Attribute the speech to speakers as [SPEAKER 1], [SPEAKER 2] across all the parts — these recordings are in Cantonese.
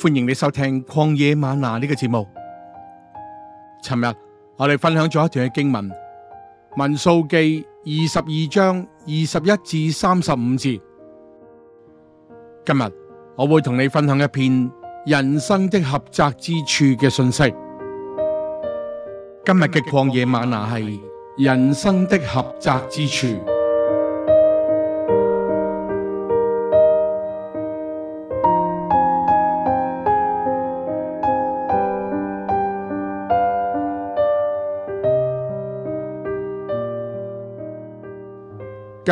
[SPEAKER 1] 歡迎你收聽《曠野嗎哪》呢、這個節目。尋日我哋分享咗一段嘅經文《民數記》二十二章二十一至三十五節。今日我會同你分享一篇人生的狹窄之處嘅信息。今日嘅曠野嗎哪係人生的狹窄之處。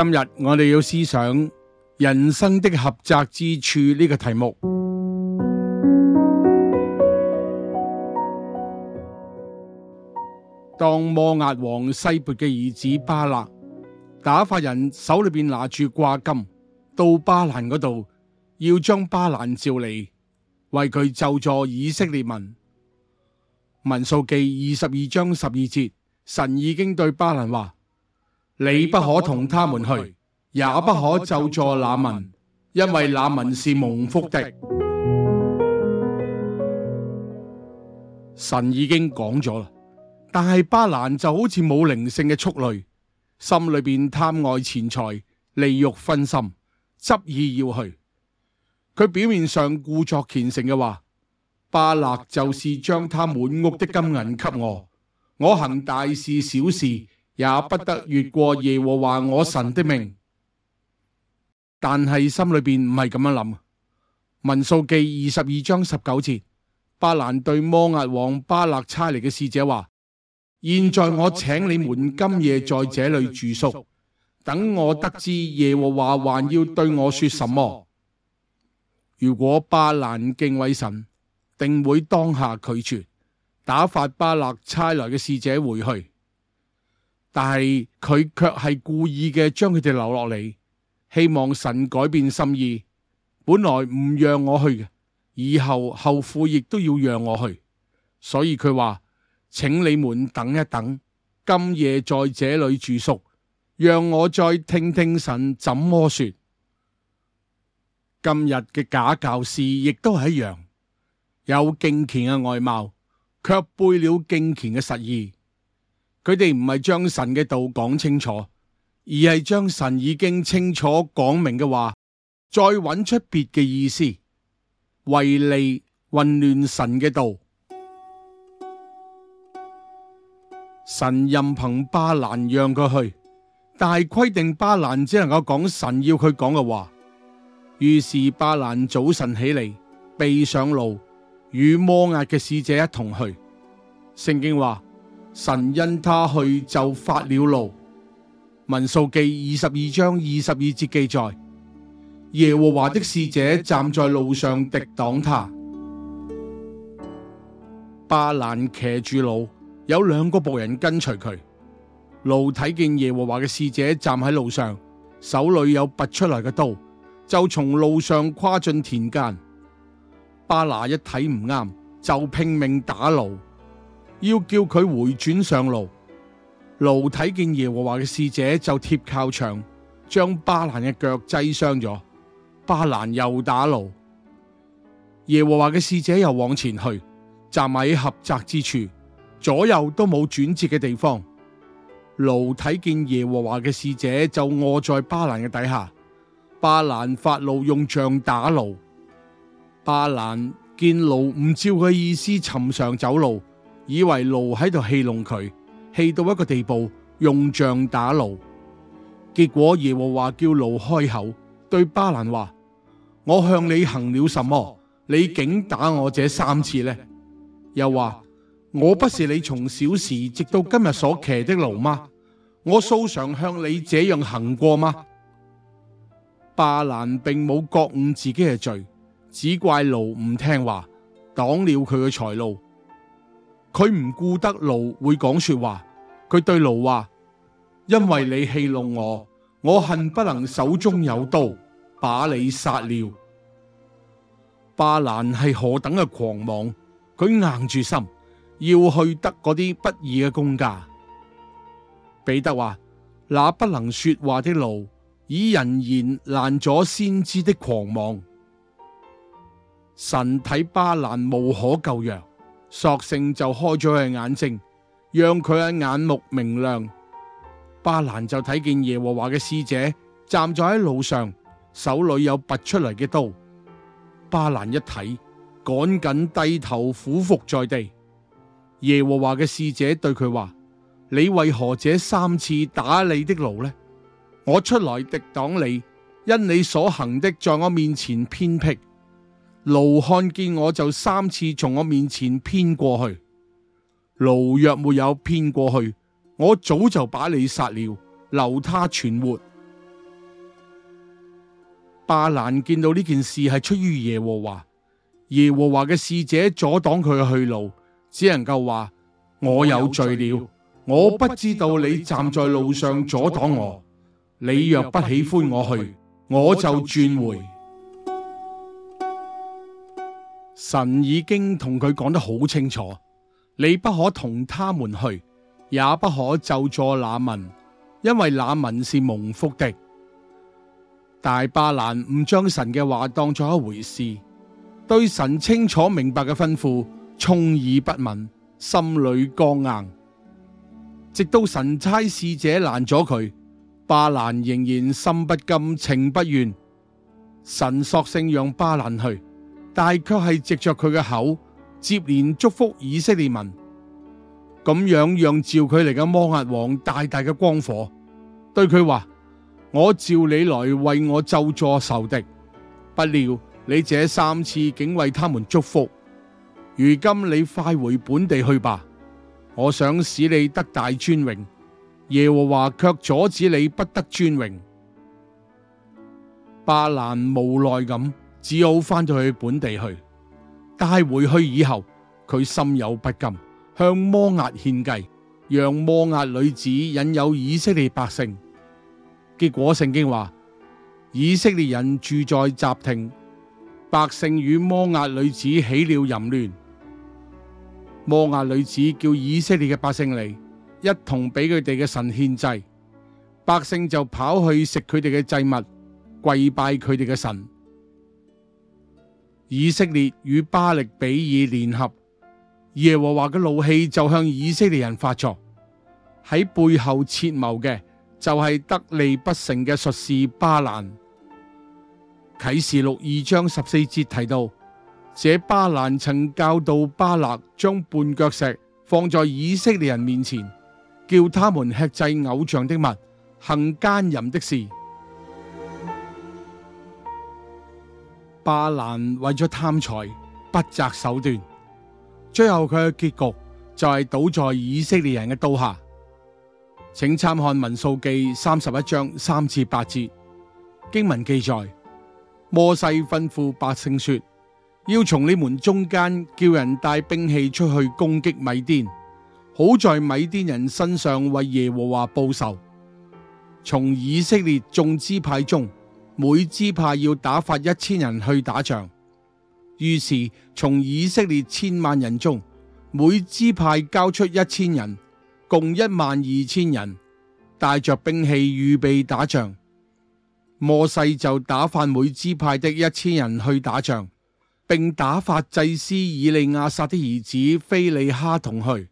[SPEAKER 1] 今日我哋要思想人生的狹窄之處呢個題目。 當摩押王西撥嘅兒子巴勒打發人手裏邊拿住卦金到巴蘭嗰度，要將巴蘭召嚟為佢咒詛以色列民。民數記二十二章十二節，神已經對巴蘭話。你不可同他們去，也不可咒詛那民，因為那民是蒙福的。神已經講咗啦，但係巴蘭就好似冇靈性嘅畜類，心裏邊貪愛錢財、利欲分心，執意要去。佢表面上故作虔誠嘅話，巴勒就是將他滿屋的金銀給我，我行大事小事，也不得越過耶和華我神的命，但係心裏邊唔係咁樣諗。民數記二十二章十九節，巴蘭對摩押王巴勒差嚟嘅使者話：現在我請你們今夜在這裏住宿，等我得知耶和華還要對我說什麼。如果巴蘭敬畏神，定會當下拒絕，打發巴勒差嚟嘅使者回去。但係佢卻係故意嘅將佢哋留落嚟，希望神改變心意。本來唔讓我去嘅，以後後悔亦都要讓我去。所以佢話，請你們等一等，今夜在這裏住宿，讓我再聽聽神怎麼說。今日嘅假教師亦都係一樣，有敬虔嘅外貌，卻背了敬虔嘅實意。佢哋唔係將神嘅道講清楚，而係將神已經清楚講明嘅話，再揾出別嘅意思，為利混亂神嘅道。神任憑巴蘭讓佢去，但係規定巴蘭只能夠講神要佢講嘅話。於是巴蘭早晨起嚟，備上驢，與摩押嘅使者一同去。聖經話。神因他去就發了怒。民數記二十二章二十二節記載：耶和華的使者站在路上敵擋他。巴蘭騎住驢，有兩個僕人跟隨佢。驢睇見耶和華嘅使者站喺路上，手裏有拔出來嘅刀，就從路上跨進田間。巴蘭一睇唔啱，就拼命打驢。」要叫佢回轉上路，驢睇見耶和華嘅使者就貼靠牆，將巴蘭嘅腳擠傷咗。巴蘭又打驢，耶和華嘅使者又往前去，站喺狹窄之處，左右都冇轉折嘅地方。驢睇見耶和華嘅使者就臥在巴蘭嘅底下，巴蘭發怒用杖打驢，巴蘭見驢唔照佢意思尋常走路。以為驢喺度戲弄佢，戲到一個地步，用杖打驢。結果耶和華叫驢開口對巴蘭話：我向你行了什麼？你竟打我這三次呢？又話我不是你從小時直到今日所騎的驢嗎？我素常向你這樣行過嗎？巴蘭並冇覺悟自己嘅罪，只怪驢唔聽話，擋了佢嘅財路。佢唔顧得驢，會講說話，佢對驢話：因為你戲弄我，我恨不能手中有刀把你殺了。巴蘭係何等嘅狂妄，佢硬住心要去得嗰啲不義嘅工價。彼得話：那不能說話的驢，以人言攔阻先知的狂妄，神睇巴蘭無可救藥。索性就開咗佢嘅眼睛，讓佢嘅眼目明亮。巴蘭就睇見耶和華嘅使者站咗喺路上，手裏有拔出嚟嘅刀。巴蘭一睇，趕緊低頭俯伏在地。耶和華嘅使者對佢話：你為何這三次打你的驢呢？我出來敵擋你，因你所行的在我面前偏僻。驢看見我就三次從我面前偏過去，驢若沒有偏過去，我早就把你殺了，留他存活。巴蘭見到呢件事係出於耶和華，耶和華嘅使者阻擋佢去路，只能夠話，我有罪了，我不知道你站在路上阻擋我，你若不喜歡我去，我就轉回。神已經同佢講得好清楚，你不可同他們去，也不可咒詛那民，因為那民是蒙福的。但巴蘭唔將神嘅話當作一回事，對神清楚明白嘅吩咐充耳不聞，心裏剛硬。直到神差使者攔咗佢，巴蘭仍然心不甘情不願。神索性讓巴蘭去。但係卻係藉着佢嘅口接連祝福以色列民，咁樣讓召佢嚟嘅摩押王大大嘅光火，對佢話：我召你來為我咒詛仇敵，不料你這三次竟為他們祝福，如今你快回本地去吧！我想使你得大尊榮，耶和華卻阻止你不得尊榮。巴蘭無奈咁。只好翻到去本地去，但回去以後，佢心有不甘，向摩押獻計，讓摩押女子引誘以色列百姓。結果聖經話，以色列人住在什亭，百姓與摩押女子起了淫亂。摩押女子叫以色列嘅百姓嚟，一同俾佢哋嘅神獻祭，百姓就跑去食佢哋嘅祭物，跪拜佢哋嘅神。以色列與巴力比爾聯合，耶和華嘅怒氣就向以色列人發作。喺背後設謀嘅就係得利不成嘅術士巴蘭。啟示錄二章十四節提到，這巴蘭曾教導巴勒將絆腳石放在以色列人面前，叫他們吃祭偶像的物，行奸淫的事。巴蘭為咗貪財，不擇手段，最後佢嘅結局就係倒在以色列人嘅刀下。請參看民數記三十一章三至八節經文記載，摩西吩咐百姓說，要從你們中間叫人帶兵器出去攻擊米甸，好在米甸人身上為耶和華報仇。從以色列眾支派中，每支派要打發一千人去打仗，於是從以色列千萬人中，每支派交出一千人，共一萬二千人，帶着兵器預備打仗。摩西就打發每支派的一千人去打仗，並打發祭司以利亞撒的兒子非尼哈同去。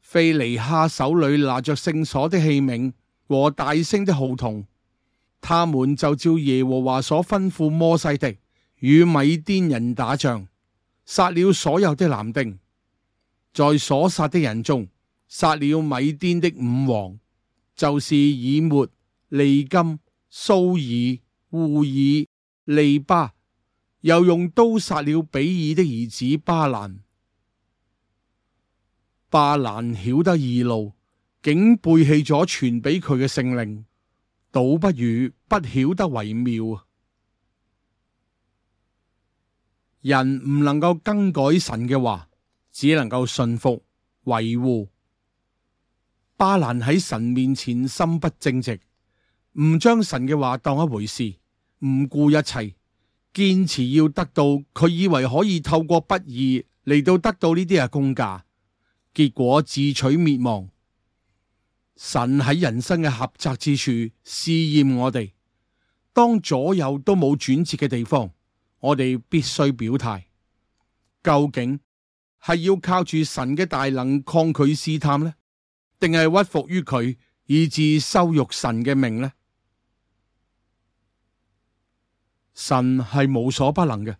[SPEAKER 1] 非尼哈手裏拿着聖所的器皿和大聲的號筒。他們就照耶和華所吩咐摩西的，與米甸人打仗，殺了所有的男丁，在所殺的人中，殺了米甸的五王，就是以沫、利金、蘇爾、胡爾、利巴，又用刀殺了比爾的兒子巴蘭。巴蘭曉得義路，竟背棄咗傳俾佢嘅聖命。倒不如不曉得為妙。人唔能夠更改神嘅話，只能夠信服維護。巴蘭喺神面前心不正直，唔將神嘅話當一回事，唔顧一切，堅持要得到佢以為可以透過不義嚟到得到呢啲嘅工價，結果自取滅亡。神喺人生嘅狹窄之處試驗我哋，當左右都冇轉折嘅地方，我哋必須表態：究竟係要靠住神嘅大能抗拒試探呢，定係屈服於佢以至羞辱神嘅名呢？神係無所不能嘅，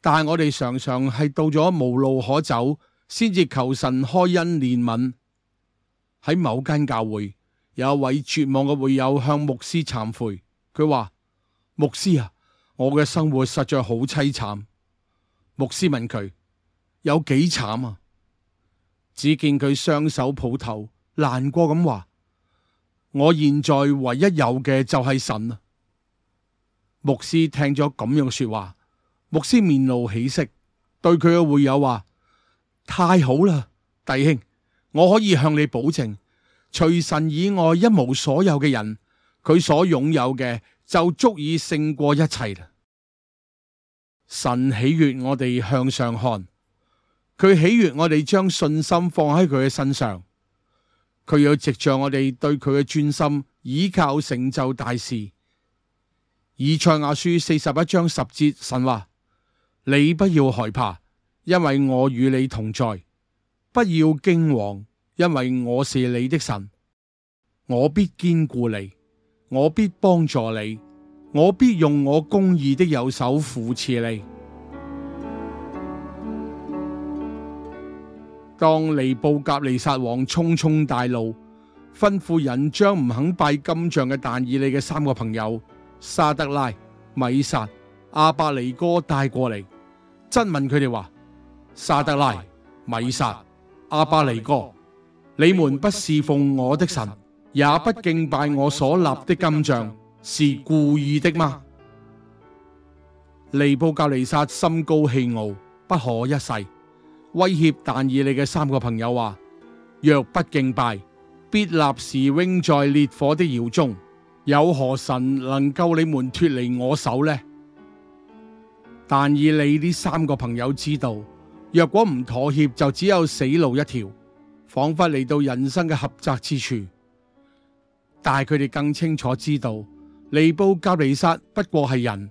[SPEAKER 1] 但係我哋常常係到咗無路可走，先至求神開恩憐憫。喺某間教會，有一位絕望嘅會友向牧師懺悔，佢話：牧師啊，我嘅生活實在好淒慘。牧師問佢有幾慘啊？只見佢雙手抱頭，難過咁話：我現在唯一有嘅就係神啊！牧師聽咗咁樣嘅說話，牧師面露喜色，對佢嘅會友話：太好啦，弟兄！我可以向你保證，除神以外一無所有嘅人，佢所擁有嘅就足以勝過一切。神喜悦我哋向上看，佢喜悦我哋將信心放喺佢嘅身上，佢有藉着我哋對佢嘅專心倚靠成就大事。以賽亞書四十一章十節，神話：你不要害怕，因為我與你同在。不要驚惶，因為我是你的神，我必堅固你，我必幫助你，我必用我公義的右手扶持你。 當尼布甲尼撒王沖沖大怒，吩咐人將唔肯拜金像嘅但以理嘅三個朋友沙德拉、米煞、阿伯尼哥帶過嚟，質問佢哋話：沙德拉、米煞。阿伯尼歌，你們不侍奉我的神，也不敬拜我所立的金像，是故意的嗎？尼布甲尼撒心高氣傲，不可一世，威脅但以理嘅三個朋友話：若不敬拜，必立時扔在烈火的窑中。有何神能夠你們脱離我手呢？但以理呢三個朋友知道。若果唔妥協，就只有死路一條，仿佛嚟到人生嘅狹窄之處。但係佢哋更清楚知道，尼布甲尼撒不過係人，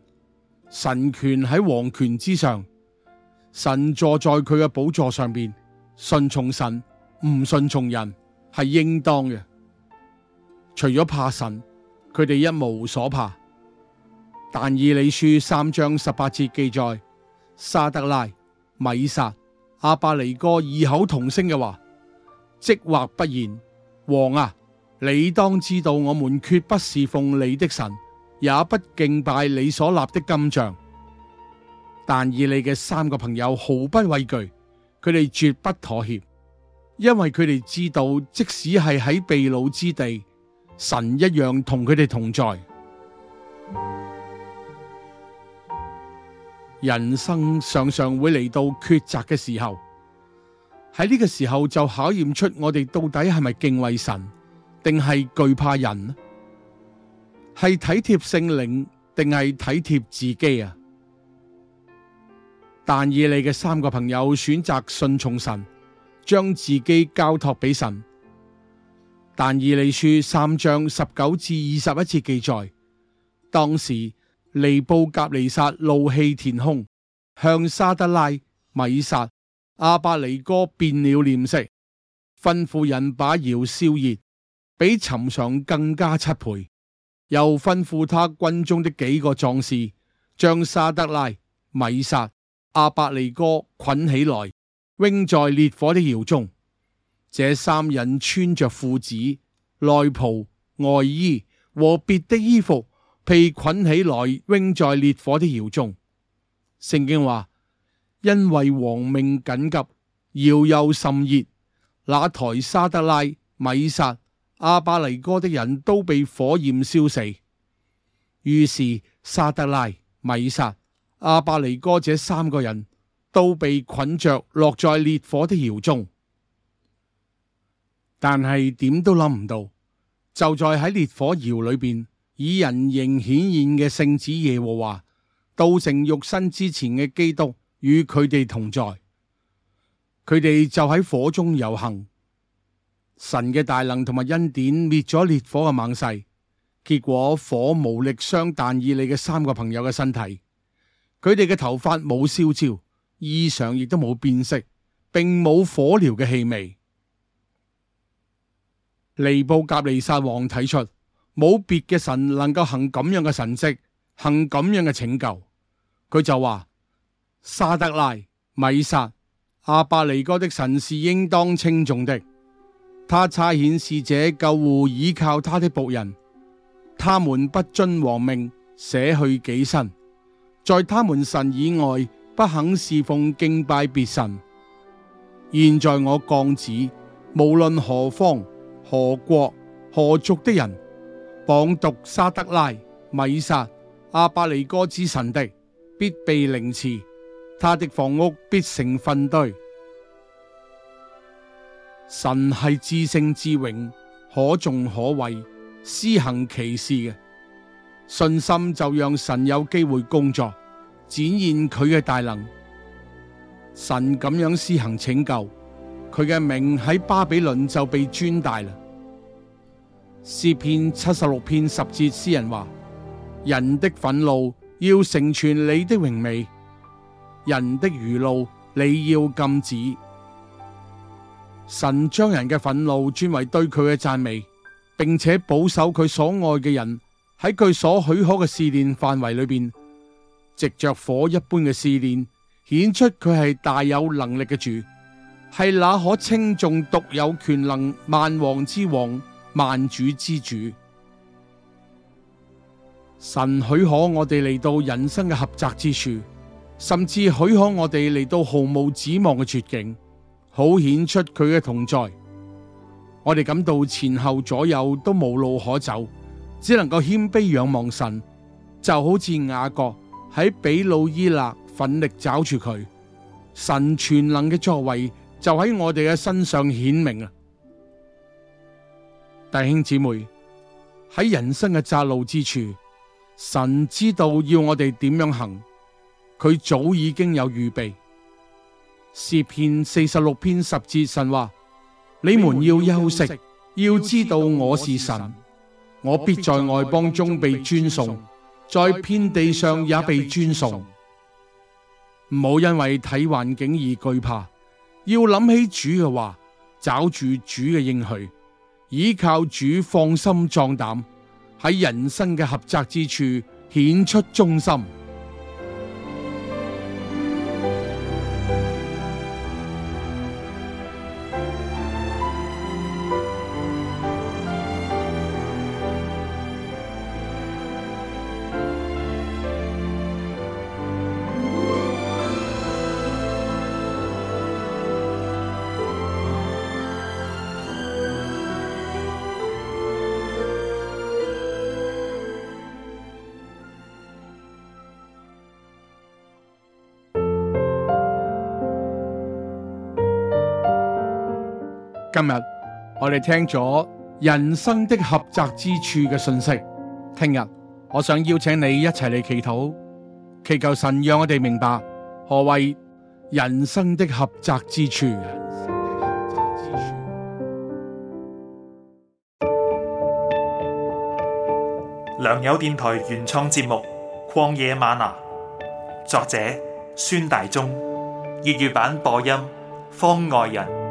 [SPEAKER 1] 神權喺王權之上，神坐在佢嘅寶座上邊，信從神，唔信從人，係應當嘅。除咗怕神，佢哋一無所怕。但以理書三章十八節記載，沙得拉。米煞、亞伯尼歌異口同聲嘅話，即或不然：「王啊，你當知道，我們絕不侍奉你的神，也不敬拜你所立的金像。但以你嘅三個朋友毫不畏懼，佢哋絕不妥協，因為佢哋知道，即使係喺被擄之地，神一樣同佢哋同在。人生常常會嚟到抉擇嘅時候，喺呢個時候就考驗出我哋到底係咪敬畏神，定係懼怕人？係體貼聖靈，定係體貼自己啊？但以理嘅三個朋友選擇信從神，將自己交託俾神。但以理書三章十九至二十一節記載，當時。尼布甲尼撒怒氣填胸，向沙得拉、米沙、阿伯尼哥變了臉色。吩咐人把窯燒熱，比尋常更加七倍，又吩咐他軍中的幾個壯士將沙得拉、米沙、阿伯尼哥捆起來，扔在烈火的窯中。這三人穿着褲子、內袍、外衣和別的衣服。被捆起來，扔在烈火的窑中。聖經話：因為王命緊急，窑又甚熱，那抬沙得拉、米煞、亞伯尼歌的人都被火焰燒死。於是沙得拉、米煞、亞伯尼歌這三個人都被捆着落在烈火的窑中。但係點都諗唔到，就在喺烈火窑裏邊。以人形顯現嘅聖子耶和華，道成肉身之前嘅基督，與佢哋同在，佢哋就喺火中遊行。神嘅大能同埋恩典滅咗烈火嘅猛勢，結果火無力傷但以理嘅三個朋友嘅身體，佢哋嘅頭髮冇燒焦，衣裳亦都冇變色，並冇火燎嘅氣味。尼布甲尼撒王睇出。冇別嘅神能夠行咁樣嘅神蹟，行咁樣嘅拯救。佢就話：沙得拉、米煞、亞伯尼歌的神是應當稱頌的。他差遣使者救護倚靠他的僕人，他們不遵王命，捨去己身，在他們神以外不肯侍奉敬拜別神。現在我降旨，無論何方、何國、何族的人，謗讟沙得拉、米撒、亞伯尼歌之神的，必被凌遲，他的房屋必成糞堆。神係至聖至榮，可頌可畏，施行其事嘅信心就讓神有機會工作，展現佢嘅大能。神咁樣施行拯救，佢嘅名喺巴比倫就被尊大啦。詩篇七十六篇十節，詩人話：人的憤怒要成全你的榮美，人的餘怒你要禁止。神將人嘅憤怒轉為對佢嘅讚美，並且保守佢所愛嘅人喺佢所許可嘅試煉範圍裏邊，藉着火一般嘅試煉，顯出佢係大有能力嘅主，係那可稱頌獨有權能、萬王之王萬主之主，神許可我哋嚟到人生嘅狹窄之處，甚至許可我哋嚟到毫無指望嘅絕境，好顯出佢嘅同在。我哋感到前後左右都無路可走，只能夠謙卑仰望神，就好似雅各喺毗努伊勒奮力抓住佢，神全能嘅作為就喺我哋嘅身上顯明啊！弟兄姊妹，喺人生嘅窄路之處，神知道要我哋點樣行，佢早已經有預備。詩篇四十六篇十字神話，你們要休息，要知道我是神，我必在外邦中被尊崇，在遍地上也被尊崇。唔好因為睇環境而懼怕，要諗起主嘅話，找住主嘅應許。依靠主，放心壯膽，喺人生嘅狹窄之處顯出忠心。今日我哋聽咗人生的狹窄之處嘅信息，聽日我想邀請你一齊嚟祈禱，祈求神讓我哋明白何謂人生的狹窄之處。良友電台原創節目《曠野嗎哪》，作者孫大中，粵語版播音方外人。